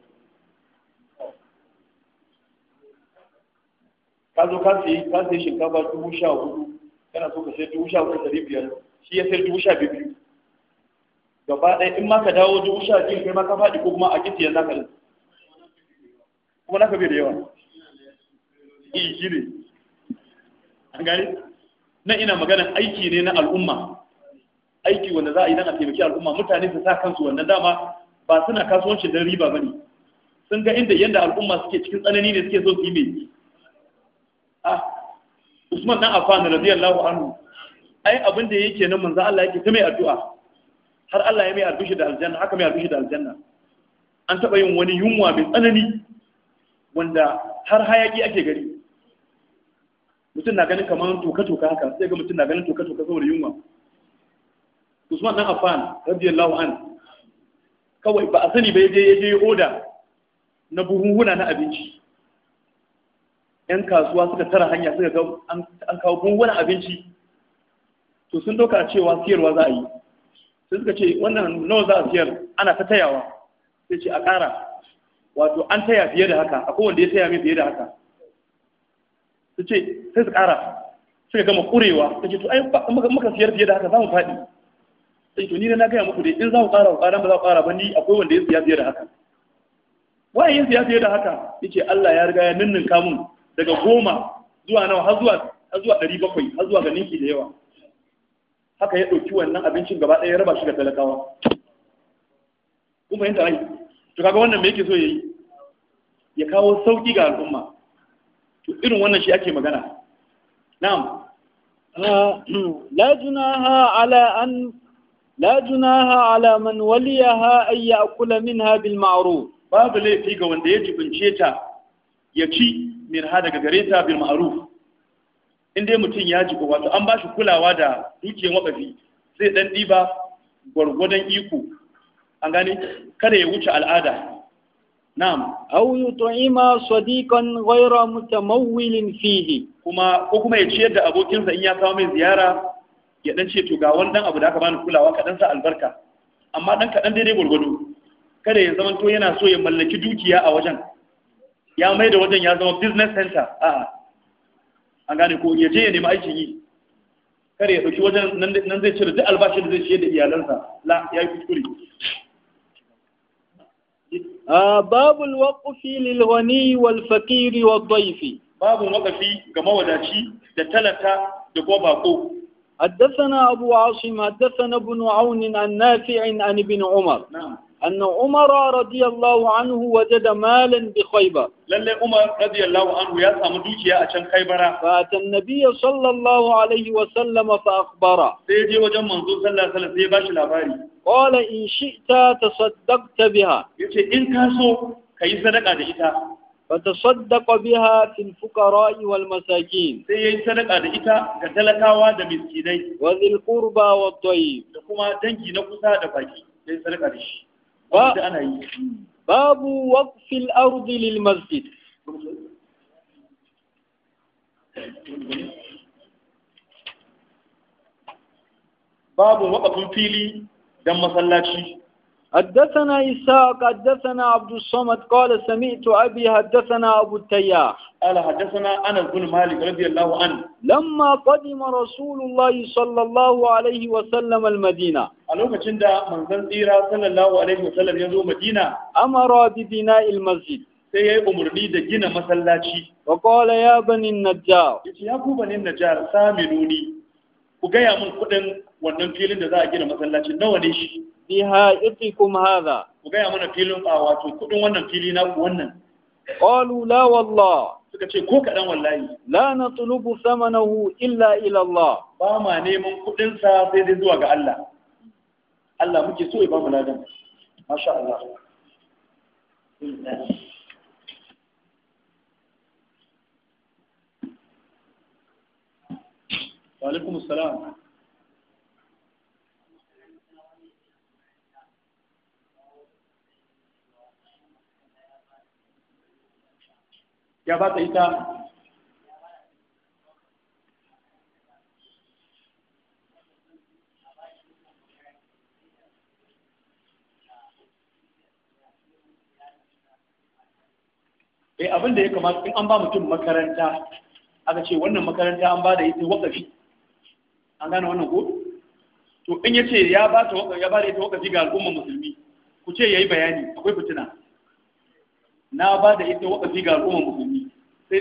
ka zo ka sayi shinkafa dubu sha hudu yana so ka sai dubu sha hudu biyar shi ya sai dubu sha biyu gaba ɗaya in ma ka dawo dubu sha biyu kai ma ka faɗi ko kuma a kiti yanzu haka kuma naka bai da yawa iya shi ne an gane na ina magana aiki ne na al'umma aiki wanda za a yi don a taimaki al'umma mutane su sa kansu wannan dama ba suna kasuwanci don riba ba ne sun ga inda yadda al'umma suke cikin tsanani ne suke so su yi mai ah usman dan afan radiyallahu anhu ai abin da yake nan manzo Allah yake ta mai addu'a har Allah ya mai albishi da aljanna haka mai albishi da aljanna an taɓa yin wani yunwa mai tsanani wanda har hayaki ake gari mutum na ganin kamar toka-toka haka sai ga mutum na ganin toka-toka saboda yunwa usman dan affan radiyallahu an kawai ba a sani ba yaje yaje oda na buhunhuna na abinci yan kasuwa suka tara hanya suka ga an kawo buhunhunan abinci to sun doka cewa siyarwa za a yi sai suka ce wannan nawa za a siyar ana ta tayawa sai ce a ƙara wato an taya fiye da haka akwai wanda ya taya mai fiye da haka su ce sai su ƙara suka gama ƙurewa ta ce to ai muka siyar fiye da haka za mu faɗi sai to ni na gaya muku dai in za mu ƙara ku ƙara ba za mu ƙara ba ni akwai wanda ya siya fiye da haka waye ya siya fiye da haka ce Allah ya riga ya ninninka mun daga goma zuwa nawa har zuwa har zuwa ɗari bakwai har zuwa ga ninki da yawa haka ya ɗauki wannan abincin gaba ɗaya ya raba shi ga talakawa Kuma yin tarayi to kaga wannan me yake so ya yi ya kawo sauƙi ga al'umma to irin wannan shi ake magana na'am ah, [CLEARS THROAT] la junaha ala an la junaha ala man waliyaha ay ya'kula minha bil ma'ruf babu laifi ga wanda ya jibince ta ya ci min ha daga gare ta bil ma'ruf in dai mutum ya jiko wato an ba shi kulawa da dukiyar wakafi zai dan diba gwargwadon iko an gane kada ya wuce al'ada na'am aw yut'ima sadiqan ghayra mutamawwilin fihi kuma ko kuma ya ciyar da abokinsa in ya kawo mai ziyara ya dan ce to ga wannan abu da aka bani kulawa ka dan sa albarka amma dan kaɗan daidai gwargwado kada ya zama to yana so ya mallaki dukiya a wajen ya mai da wajen ya zama business center a'a an gane ko ya je ya nemi aikin yi kar ya dauki wajen nan zai cire duk albashin da zai shi da iyalansa la ya yi kuskure babul waqfi lil ghani wal faqir wa dayfi babul waqfi ga mawadaci da talata da kuma bako حدثنا أبو عاصم حدثنا ابن عون عن نافع عن ابن عمر نعم أن عمر رضي الله عنه وجد مالا بخيبر لأن عمر رضي الله عنه يسعى مدوكيا أشان خيبرا فأتى النبي صلى الله عليه وسلم فأخبره سيدي وجم منظور صلى الله عليه وسلم سيباش الأباري قال إن شئت تصدقت بها يتي إن كاسو كي صدق على فتصدق بها في الفقراء والمساكين سيين صدقة إتا قتلكا وادا مسكيني وذي القربى والضيف لكما دنجي نقصها دفاكي سيين صدقة دشي babu waqfil ardi lil masjid babu waqfin fili dan masallaci حدثنا إسحاق حدثنا عبد الصمد قال سمعت أبي حدثنا أبو التياح قال حدثنا أنس بن مالك رضي الله عنه لما قدم رسول الله صلى الله عليه وسلم المدينة ألوك تشند من زنزيرا صلى الله عليه وسلم يزو مدينة أمر ببناء المسجد sai ya yi umarni da gina masallaci. Wa kola ya banin najjar. Yace ya ku banin najjar sami nuni. Ku gaya min kuɗin wannan filin da za a gina masallaci nawa ne shi? bi ha'iqikum hada. ku gaya mana filin a wato kudin wannan fili na wannan qalu la wallah suka ce ko kadan wallahi la natlubu samanahu illa ila Allah ba ma neman kudin sa sai dai zuwa ga Allah Allah muke so ya ba mu ladan masha Allah وعليكم السلام ya ba ta ita eh abin da ya kamata in an ba mutum makaranta aka ce wannan makaranta an ba da ita wakafi an gane wannan ko to in ya ce ya ba ta wakafi ya ba da ita wakafi ga al'ummar musulmi ku ce ya yi bayani akwai fitina na ba da ita wakafi ga al'ummar musulmi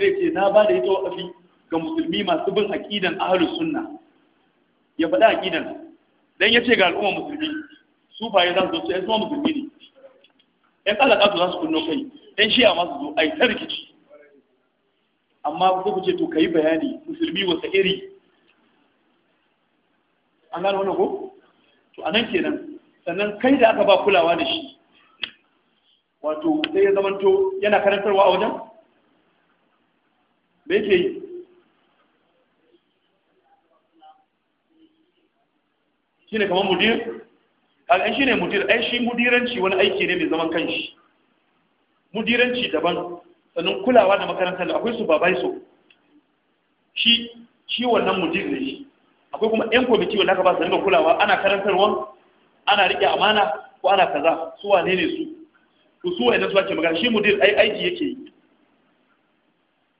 sai da ce na ba da ita wakafi ga musulmi masu bin aƙidan ahlus sunna ya faɗa don dan ce ga al'umma musulmi su faye za su zo sai zuwa musulmi ne yan kalaka su za su kunno kai ɗan shi a su zo yi ta rikici amma ku ce to ka yi bayani musulmi wata iri an gano wani ko to a nan kenan sannan kai da aka ba kulawa da shi wato sai ya zamanto yana karantarwa a wajen me yi shi ne kamar mudir kaga shi ne mudir ai shi mudiranci wani aiki ne mai zaman kanshi mudiranci daban sannan kulawa da makarantar akwai su babai so shi shi wannan mudir ne shi akwai kuma yan kwamiti wanda aka ba su rinka kulawa ana karantarwa ana riƙe amana ko ana kaza su ne ne su to su idan su ake magana shi mudir ai aiki yake yi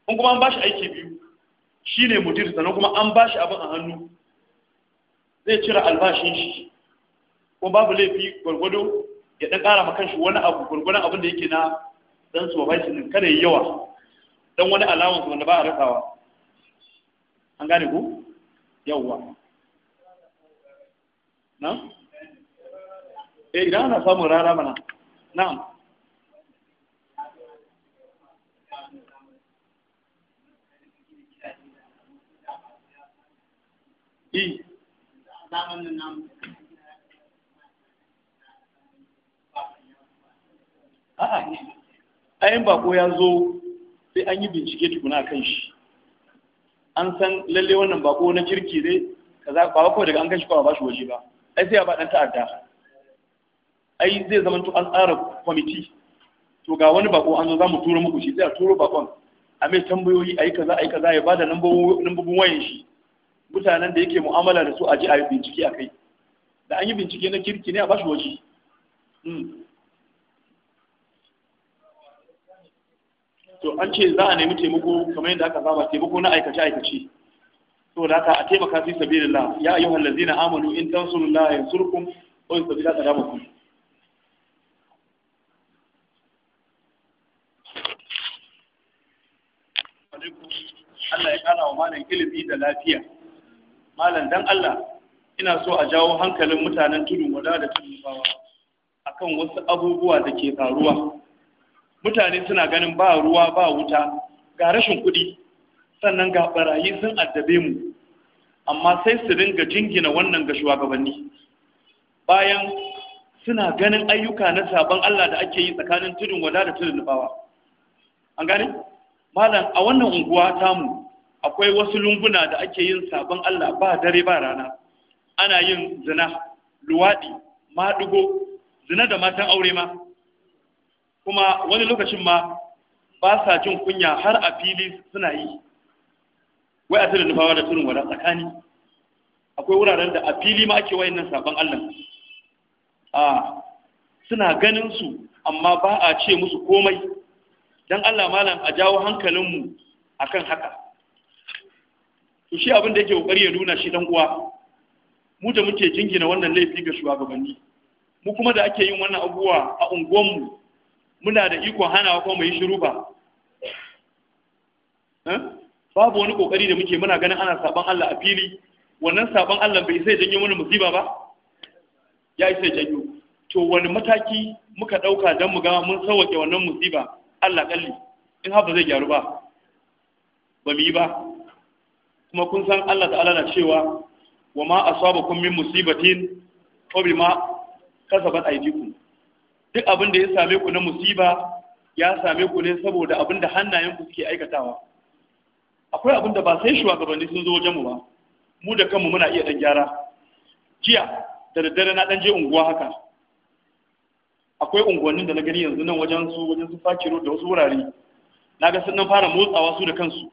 in kuma an bashi aiki biyu shi ne mutum sannan kuma an bashi abin a hannu zai cire albashin shi Ko babu laifi gwargwado ya ɗan ƙara makan shi wani abu gwargwadon abin da yake na dan su babashi ne kada yi yawa dan wani allowance wanda ba a rasawa an gane ku yawwa na eh idan ana samun rara mana na'am E. a yin bako ya zo sai an yi bincike tukuna kan shi an san lalle wannan bako na kirki ne kaza ba kawai daga an kashi kawai ba shi waje ba ai sai ya ba dan ta'adda ai zai zama to an tsara kwamiti to ga wani bako an zo za mu turo muku shi sai a turo bakon a mai tambayoyi ayi kaza ayi kaza ya da lambobin wayan shi mutanen da yake mu'amala da su a ji a yi bincike a kai da an yi bincike na kirki ne a bashi waje hmm. to an ce za a nemi taimako kamar yadda aka saba taimako na aikace aikace da haka a taimaka fi sabilillah ya ayyuhal ladzina amanu in tansurullah yansurkum wa yusabbitu qadamakum Allah ya kara wa malam ilimi da lafiya malam dan Allah ina so a jawo hankalin mutanen tudun wada da tudun bawa akan wasu abubuwa da ke faruwa mutane suna ganin ba ruwa ba wuta ga rashin kuɗi sannan ga barayi sun addabe mu amma sai su ringa jingina wannan ga shugabanni bayan suna ganin ayyuka na sabon Allah da ake yi tsakanin tudun wada da tudun bawa an gane malam a wannan unguwa tamu akwai wasu lunguna da ake yin sabon Allah ba dare ba rana ana yin zina luwaɗi maɗigo zina da matan aure ma kuma wani lokacin ma ba sa jin kunya har a fili suna yi wai a tsirin nufawa da tsirin wada tsakani akwai wuraren da a fili ma ake wayan nan sabon Allah a suna ganin su amma ba a ce musu komai dan Allah malam a jawo hankalinmu akan haka to shi abin da yake kokari ya nuna shi dan uwa mu da muke jingina wannan laifi ga shugabanni mu kuma da ake yin wannan abuwa a unguwanmu muna da ikon hanawa ko mu yi shiru ba eh? babu wani kokari da muke muna ganin ana saban Allah a fili wannan saban Allah bai sai janyo mana musiba ba ya sai janyo to wani mataki muka dauka dan mu ga mun sauke wannan musiba Allah kalli in haka zai gyaru ba ba mu yi ba kuma kun san Allah ta'ala na cewa wa ma kun min musibatin bi bima kasabat aydikum duk abin da ya same ku na musiba ya same ku ne saboda abin da hannayenku suke aikatawa akwai abin da ba sai shugabanni sun zo wajenmu ba mu da kanmu muna iya dan gyara jiya da daddare na dan je unguwa haka akwai unguwannin da na gani yanzu nan wajen su wajen su fakiro da wasu wurare na ga sun fara motsawa su da kansu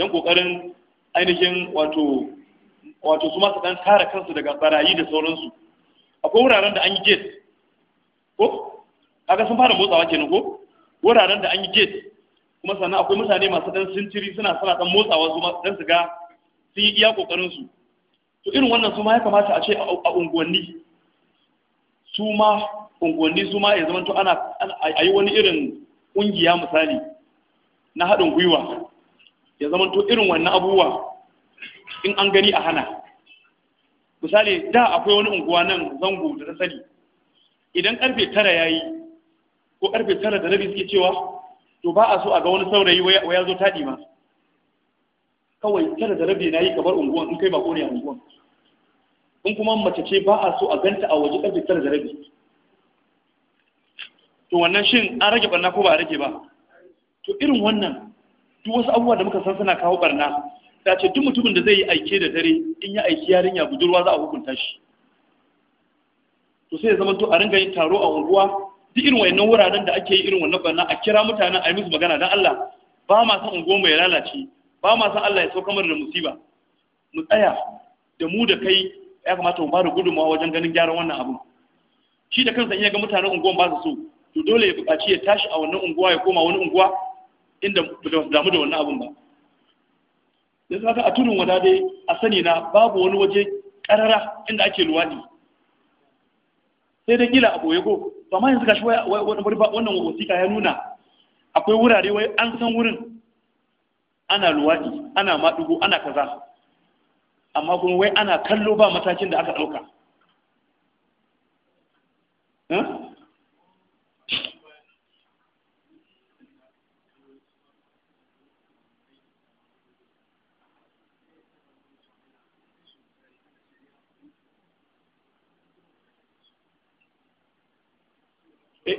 don kokarin ainihin wato wato su masu dan kare kansu daga barayi da sauransu akwai wuraren da an yi gate ko kaga sun fara motsawa kenan ko wuraren da an yi gate kuma sannan akwai mutane masu dan sintiri suna suna dan motsawa su masu dan su sun yi iya kokarin su to irin wannan su ma ya kamata a ce a unguwanni su ma unguwanni su ma ya zama to ana a yi wani irin kungiya misali na haɗin gwiwa ya zama to irin wannan abubuwa in an gani a hana misali da akwai wani unguwa nan zango da ta sani idan karfe tara ya yi ko karfe tara da rabi suke cewa to ba a so a ga wani saurayi wa ya zo taɗi ma kawai tara da rabi na yi kamar unguwan in kai bako ne a unguwan in kuma mace ce ba a so a ganta a waje karfe tara da rabi to wannan shin an rage barna ko ba a rage ba to irin wannan duk wasu abubuwa da muka san suna kawo barna ta ce duk mutumin da zai yi aike da dare in ya aiki yarinya budurwa za a hukunta shi to sai ya zama to a ringa yin taro a unguwa duk irin wayannan wuraren da ake yi irin wannan barna a kira mutanen a yi musu magana dan Allah ba ma san unguwa mai lalace ba ma san Allah ya sauka mana da musiba mu tsaya da mu da kai ya kamata mu ba da gudunmawa wajen ganin gyaran wannan abu shi da kansa in ya ga mutanen unguwa ba su so to dole ya buƙaci ya tashi a wannan unguwa ya koma wani unguwa inda ba damu da wannan abun ba yanzu haka a tudun wada dai a sani na babu wani waje karara inda ake luwadi sai dai gila a ɓoye ko ba ma yanzu shi wannan wasiƙa ya nuna akwai wurare wai an san wurin ana luwadi ana madugo ana kaza amma kuma wai ana kallo ba matakin da aka ɗauka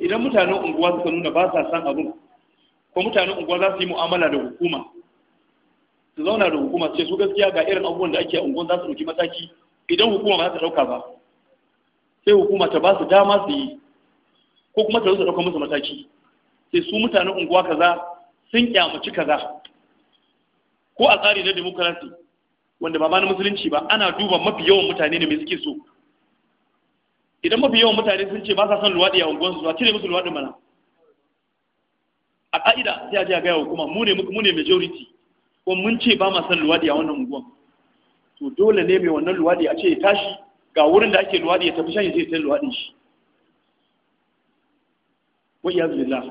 idan mutanen unguwa suka nuna ba sa san abin ko mutanen unguwa za su yi mu'amala da hukuma su zauna da hukuma ce su gaskiya ga irin abubuwan da ake a unguwan za su ɗauki mataki idan hukuma ba za ta ɗauka ba sai hukuma ta ba su dama su yi ko kuma ta zo ta ɗauka musu mataki sai su mutanen unguwa kaza sun kyamaci kaza ko a tsari na demokarasi wanda ba ma na musulunci ba ana duba mafi yawan mutane ne mai suke so idan mafi yawan mutane sun ce ba sa son luwaɗi a unguwansu a cire musu luwaɗin mana a ƙa'ida sai a je a gaya hukuma mu ne mu ne majority ko mun ce ba ma son luwaɗi a wannan unguwan to dole ne mai wannan luwaɗi a ce ya tashi ga wurin da ake luwaɗi ya tafi shan ya je ta luwaɗin shi wa iyyazu billah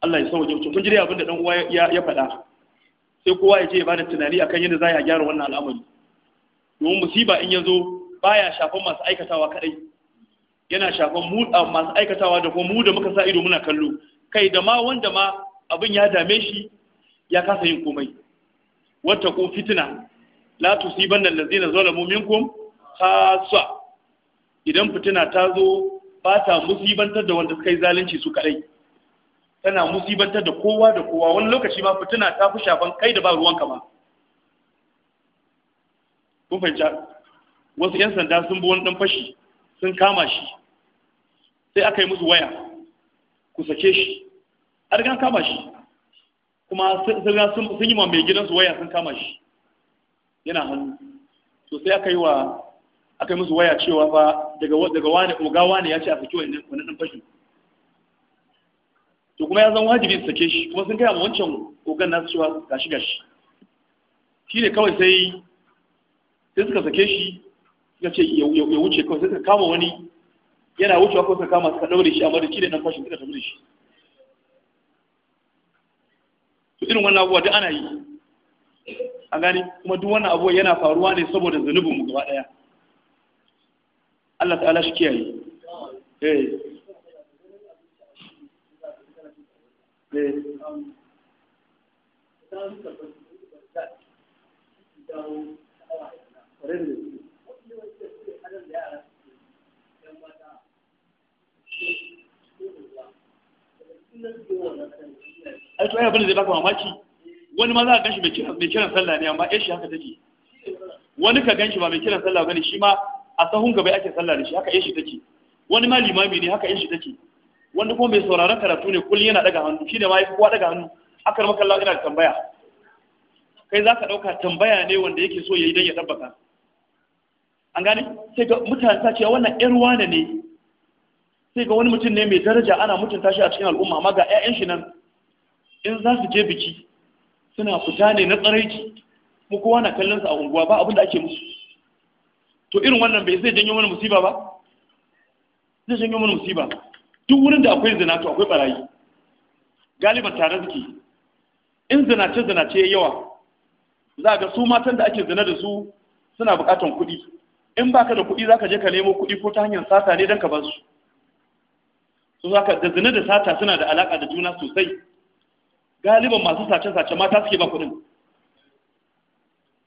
Allah ya waje to kun ji dai abin da dan uwa ya faɗa sai kowa ya je ya bada tunani akan yadda za a gyara wannan al'amari domin musiba in ya zo baya shafan masu aikatawa kadai yana shafan mu masu aikatawa da kuma mu da muka sa ido muna kallo kai da ma wanda ma abin ya dame shi ya kasa yin komai wata ko fitina la tusiban allazina zalamu minkum khassa idan fitina ta zo ba ta musibantar da wanda suka yi zalunci su kadai tana musibantar da kowa da kowa wani lokaci ma fitina ta fi shafan kai da ba ruwanka ma kun fahimta wasu 'yan sanda sun bi wani ɗan fashi sun kama shi sai aka yi musu waya ku sake shi an riga kama shi kuma sun yi ma mai gidansu waya sun kama shi yana hannu to sai aka yi wa aka yi musu waya cewa fa daga daga wani ogawa ne ya ce a saki wani ɗan fashi to kuma ya zan wajibi su sake shi kuma sun kai ma wancan ogan nasu cewa gashi gashi shi ne kawai sai sai suka sake shi suka ce ya wuce kawai ka kama wani yana wucewa ko ka kama suka daure shi amma da shi nan fashin suka ta da shi to irin wannan abubuwa duk ana yi a gani kuma duk wannan abubuwa yana faruwa ne saboda zunubin mu gaba daya Allah ta'ala shi kiyaye eh eh ai to abin da zai baka mamaki wani ma za a ganshi mai kiran sallah ne amma yashi haka take wani ka ganshi ba mai kiran sallah bane shi ma a sahun gaba ake sallah da shi haka yashi take wani ma limami ne haka yashi take wani kuma mai sauraron karatu ne kullum yana daga hannu shi ne ma ya kowa daga hannu akar makalla ina da tambaya kai za ka ɗauka tambaya ne wanda yake so ya yi don ya tabbata an gane sai ga mutane ta ce wannan ƴar wane ne sai ga wani mutum ne mai daraja ana mutunta shi a cikin al'umma amma ga ƴaƴan shi nan in za su je biki suna fita ne na tsaraici mu kowa na kallon su a unguwa ba abin da ake musu to irin wannan bai zai janyo mana musiba ba zai janyo mana musiba duk wurin da akwai zina to akwai barayi galiban tare suke in zinace zinace yawa za ga su matan da ake zina da su suna bukatan kuɗi in baka da kuɗi zaka je ka nemo kuɗi ko ta hanyar sata ne don ka ba su su zaka da zina da sata suna da alaka da juna sosai galiban masu sace-sace mata suke ba kuɗin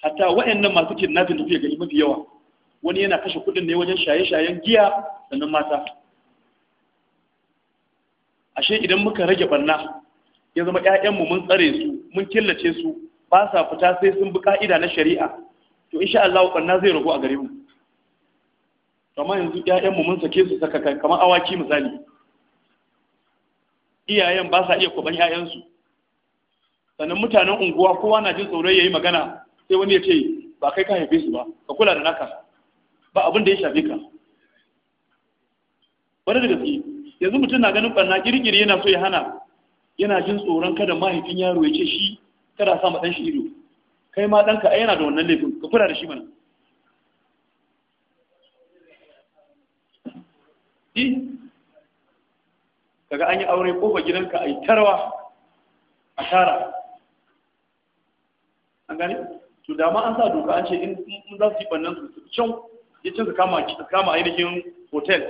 hatta wa'annan masu kidnapping da tafiya gani mafi yawa wani yana kashe kuɗin ne wajen shaye-shayen giya sannan mata ashe idan muka rage barna ya zama ƴaƴanmu mun tsare su mun killace su ba sa fita sai sun bi ƙa'ida na shari'a to insha Allah barna zai ragu a gare mu kamar yanzu ƴaƴanmu mun sake su saka kamar awaki misali iyayen ba sa iya kwaban 'ya'yansu. sannan mutanen unguwa kowa na jin tsoron yayi magana sai wani ya ce ba kai ka haife su ba ka kula da naka ba abin da ya shafe ka bari da gaske yanzu mutum na ganin barna kirkiri yana so ya hana yana jin tsoron kada mahaifin yaro ya ce shi kada sa ma dan shi ido kai ma ɗanka ai yana da wannan laifin ka kula da shi mana yi kaga an yi aure kofa gidanka a yi tarwa a tara an gani to dama an sa doka an ce in za su yi bannan su can ya can su kama su kama ainihin hotel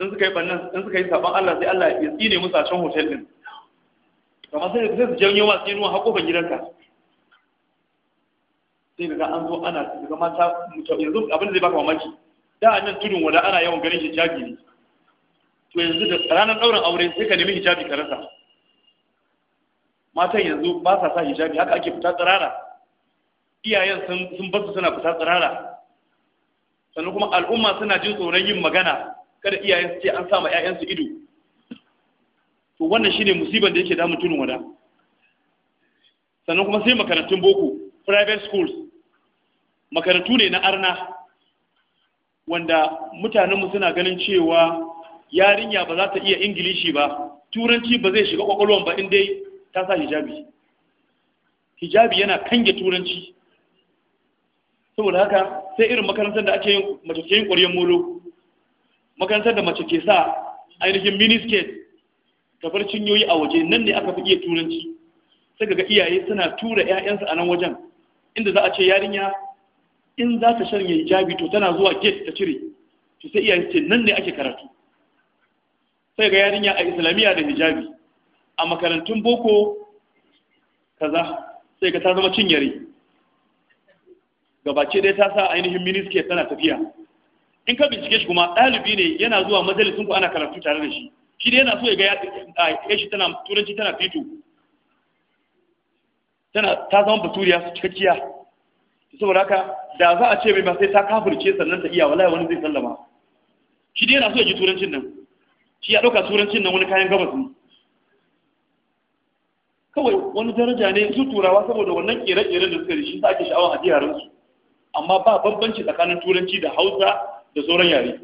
in suka yi bannan in suka yi saban Allah sai Allah ya tsine musu a can hotel din Kama sai su janyo wa tsinu a kofar gidanka sai daga an zo ana kaga mata yanzu abin da zai baka mamaki da a nan tudun wada ana yawan ganin hijabi ne to yanzu da ranar ɗaurin aure sai ka nemi hijabi ka rasa matan yanzu ba sa sa hijabi haka ake fita tsirara iyayen sun basu suna fita tsirara sannan kuma al'umma suna jin tsoron yin magana kada iyayen su ce an sama ƴaƴansu ido to wannan shine musibar da yake damun tunin wada sannan kuma sai makarantun boko private schools makarantu ne na arna wanda mutanenmu suna ganin cewa yarinya ba za ta iya ingilishi ba turanci ba zai shiga kwakwalwan ba in dai ta sa hijabi hijabi yana kange turanci saboda haka sai irin makarantar da ake yin mace yin ƙwaryen molo makarantar da mace ke sa ainihin ta kafar cinyoyi a waje nan ne aka fi iya turanci sai ga iyaye suna tura 'ya'yansu a nan wajen inda za a ce yarinya in za ta shanya hijabi to tana zuwa gate ta cire to sai iyayen ce nan ne ake karatu sai ga yarinya a islamiyya da hijabi a makarantun boko kaza sai ga ta zama cinyare gabace dai ta sa ainihin miniskiyar tana tafiya in ka bincike shi kuma ɗalibi ne yana zuwa majalisun ku ana karatu tare da shi shi dai yana so ya ga ya shi tana turanci tana fito tana ta zama baturiya cikakkiya saboda haka da za a ce mai ba sai ta kafirce sannan ta iya wallahi wani zai sallama shi dai yana so ya ji turancin nan shi ya ɗauka turancin nan wani kayan gabas ne kawai wani daraja ne su turawa saboda wannan ƙere kere da suka rishi sa ake sha'awar a yaransu amma ba bambanci tsakanin turanci da hausa da sauran yare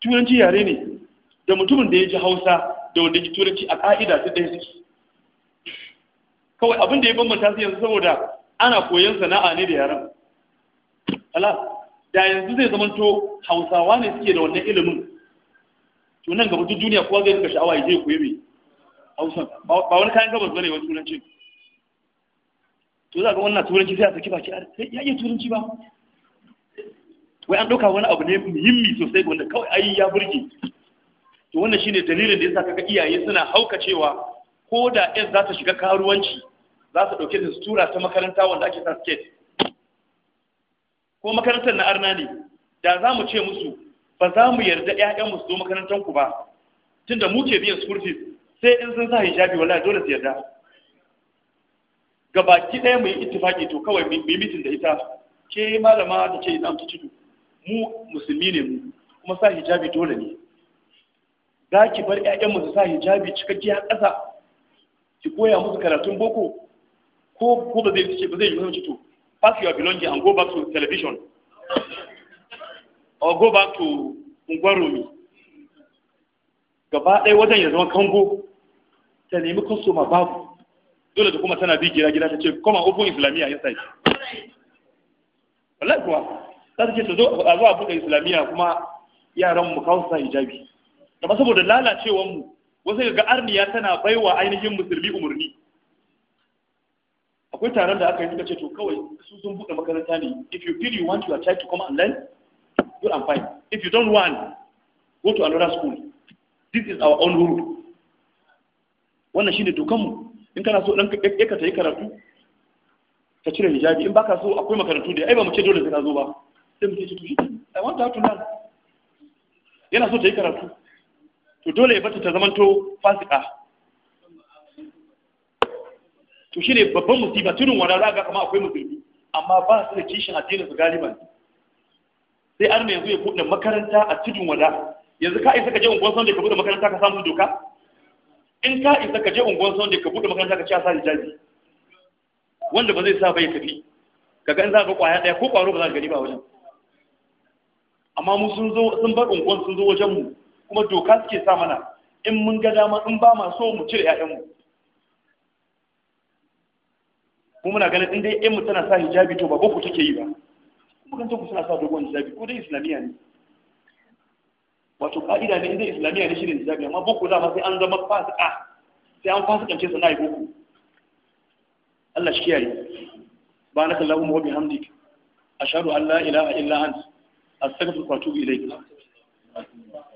turanci yare ne da mutumin da ya ji hausa da wanda ya ji turanci a ƙa'ida su ɗaya suke kawai abin da ya bambanta su yanzu saboda ana koyon sana'a ne da yaran ala da yanzu zai zamanto hausawa ne suke da wannan ilimin to nan gaba duk duniya kowa zai ga sha'awa ya je koyi mai hausan ba wani kayan gabas bane wani turanci to za ga wannan turanci sai a saki baki ya iya turanci ba wai an ɗauka wani abu ne muhimmi sosai wanda kawai ayi ya burge to wannan shine dalilin da yasa kaga iyaye suna haukacewa ko da ƴan za ta shiga karuwanci za su ɗauke da sutura ta makaranta wanda ake sa skate ko makarantar na arna ne da za mu ce musu ba za mu yarda 'ya'yanmu su zo makarantanku ba tunda mu ke biyan school fees sai in sun sa hijabi wallahi dole su yarda gabaki ɗaya mu yi ittifaki to kawai mu yi mitin da ita ke malama da ce idan ta cikin mu musulmi ne mu kuma sa hijabi dole ne za ki bar 'ya'yanmu su sa hijabi cikakkiya ƙasa ki koya musu karatun boko ko ko ba zai ce ba zai yi mutunci to pass your belonging and go back to television or go back to ungwaromi gaba ɗaya wajen ya zama kango ta nemi ma babu dole da kuma tana bi gira-gira ta ce kuma open islamiyya ya sai wallahi kuwa ta ce ta zo a zuwa buɗe islamiyya kuma yaran mu kawo sa hijabi amma saboda lalacewar mu wasu ga arniya tana baiwa ainihin musulmi umarni akwai taron da aka yi suka ce to kawai su sun buɗe makaranta ne if you feel you want your child to come and learn good and fine if you don't want go to another school this is our own rule wannan shine dokanmu in kana so dan ka ta yi karatu ka cire hijabi in baka so akwai makarantu da ai ba mu ce dole sai ka zo ba sai mu ce to shi i want to learn yana so ta yi karatu to dole ya bata ta zamanto fasika to shine babban musiba tunin wanda za ga kama akwai musulmi amma ba su da kishin addinin su galiban sai an mai yanzu ya buɗe makaranta a tudun wada yanzu ka isa ka je unguwar sunday ka bude makaranta ka samu doka in ka isa ka je unguwar sunday ka bude makaranta ka ci asa jaji wanda ba zai sa bai tafi ga in za ka kwaya ɗaya ko kwaro ba za ka gani ba wajen amma mu sun zo sun bar unguwar sun zo wajen mu kuma doka suke sa mana in mun ga dama in ba ma so mu cire 'ya'yanmu Kuma muna ganin inda dai mu tana sa hijabi to ba boko take yi ba kuma kan ku suna sa dogon hijabi ko dai islamiyya ne wato ka'ida ne inda dai islamiyya ne shirin hijabi amma boko ma sai an zama fasika sai an fasika ce na yi boko Allah shi kiyaye ba na kallahu wa bihamdik ashhadu an la ilaha illa anta astaghfiruka wa atubu ilayk